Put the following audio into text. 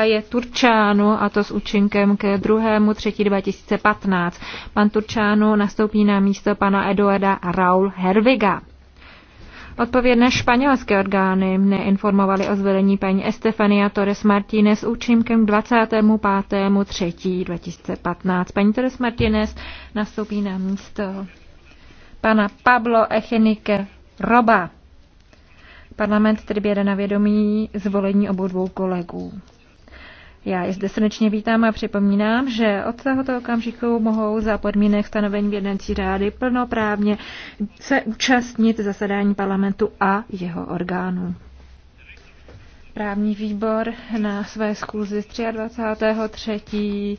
je Turčánu a to s účinkem k 2. 3. 2015. Pan Turčánu nastoupí na místo pana Eduarda Raul Herviga. Odpovědné španělské orgány mne informovaly o zvedení paní Estefania Torres Martínez s účinkem 25.3.2015. Paní Torres Martínez nastoupí na místo pana Pablo Echenike Roba. Parlament tedy běde na vědomí zvolení obou dvou kolegů. Já je zde srdečně vítám a připomínám, že od tohoto okamžiku mohou za podmínek stanovení v jednací řády plnoprávně se účastnit zasedání parlamentu a jeho orgánů. Právní výbor na své schůzi z 23. 3.